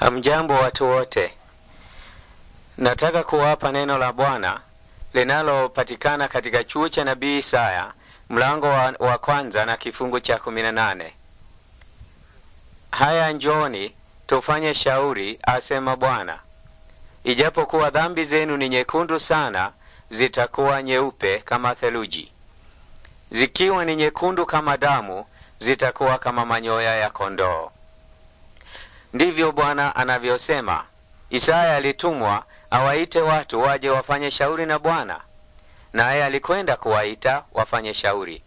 Hamjambo watu wote, nataka kuwapa neno la Bwana linalopatikana katika chuo cha nabii Isaya mlango wa, wa kwanza na kifungu cha kumi na nane. Haya, njoni tufanye shauri, asema Bwana, ijapokuwa dhambi zenu ni nyekundu sana, zitakuwa nyeupe kama theluji; zikiwa ni nyekundu kama damu, zitakuwa kama manyoya ya kondoo. Ndivyo Bwana anavyosema. Isaya alitumwa awaite watu waje wafanye shauri na Bwana, naye alikwenda kuwaita wafanye shauri.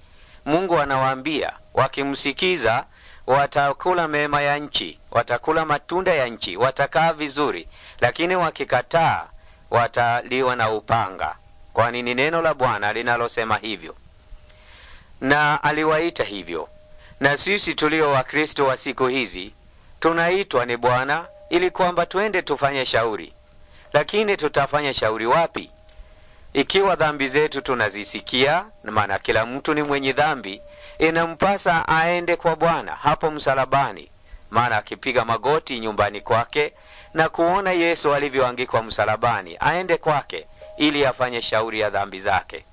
Mungu anawaambia wakimsikiza, watakula mema ya nchi, watakula matunda ya nchi, watakaa vizuri, lakini wakikataa, wataliwa na upanga, kwani ni neno la Bwana linalosema hivyo. Na aliwaita hivyo. Na sisi tulio Wakristo wa siku hizi tunaitwa ni Bwana ili kwamba twende tufanye shauri. Lakini tutafanya shauri wapi? Ikiwa dhambi zetu tunazisikia, maana kila mtu ni mwenye dhambi, inampasa aende kwa Bwana hapo msalabani, maana akipiga magoti nyumbani kwake na kuona Yesu alivyoangikwa msalabani, aende kwake ili afanye shauri ya dhambi zake,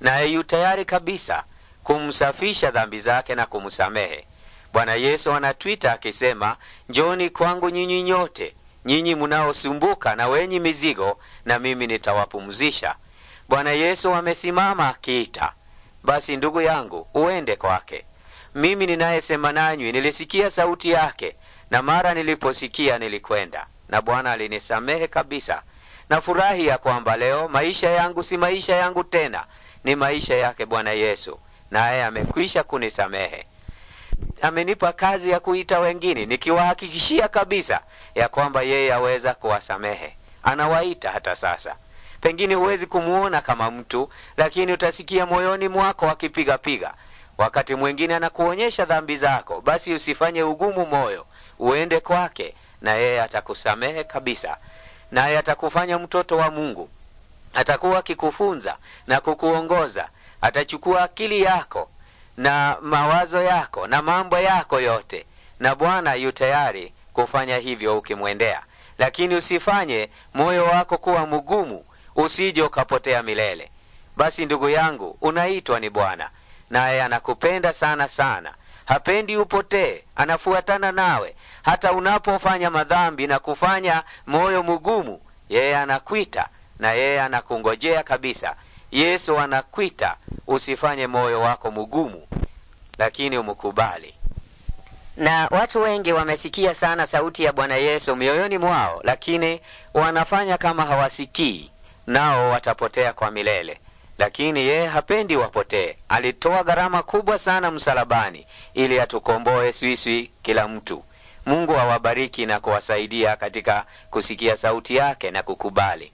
naye yu tayari kabisa kumsafisha dhambi zake na kumsamehe. Bwana Yesu anatwita akisema, njoni kwangu nyinyi nyote nyinyi mnaosumbuka na wenye mizigo, na mimi nitawapumzisha. Bwana Yesu amesimama akiita, basi ndugu yangu uende kwake. Mimi ninayesema nanywi nilisikia sauti yake, na mara niliposikia nilikwenda, na Bwana alinisamehe kabisa. Nafurahi ya kwamba leo maisha yangu si maisha yangu tena, ni maisha yake Bwana Yesu, naye amekwisha kunisamehe amenipa kazi ya kuita wengine nikiwahakikishia kabisa ya kwamba yeye aweza kuwasamehe. Anawaita hata sasa. Pengine huwezi kumuona kama mtu, lakini utasikia moyoni mwako akipigapiga Wakati mwingine anakuonyesha dhambi zako, basi usifanye ugumu moyo, uende kwake na yeye atakusamehe kabisa, naye atakufanya mtoto wa Mungu. Atakuwa akikufunza na kukuongoza, atachukua akili yako na mawazo yako na mambo yako yote, na Bwana yu tayari kufanya hivyo ukimwendea, lakini usifanye moyo wako kuwa mgumu, usije ukapotea milele. Basi ndugu yangu, unaitwa ni Bwana, naye anakupenda sana sana, hapendi upotee, anafuatana nawe hata unapofanya madhambi na kufanya moyo mgumu. Yeye anakwita na yeye anakungojea kabisa. Yesu anakwita, usifanye moyo wako mgumu lakini umkubali. Na watu wengi wamesikia sana sauti ya Bwana Yesu mioyoni mwao, lakini wanafanya kama hawasikii, nao watapotea kwa milele. Lakini yeye hapendi wapotee. Alitoa gharama kubwa sana msalabani ili atukomboe swiswi kila mtu. Mungu awabariki na kuwasaidia katika kusikia sauti yake na kukubali.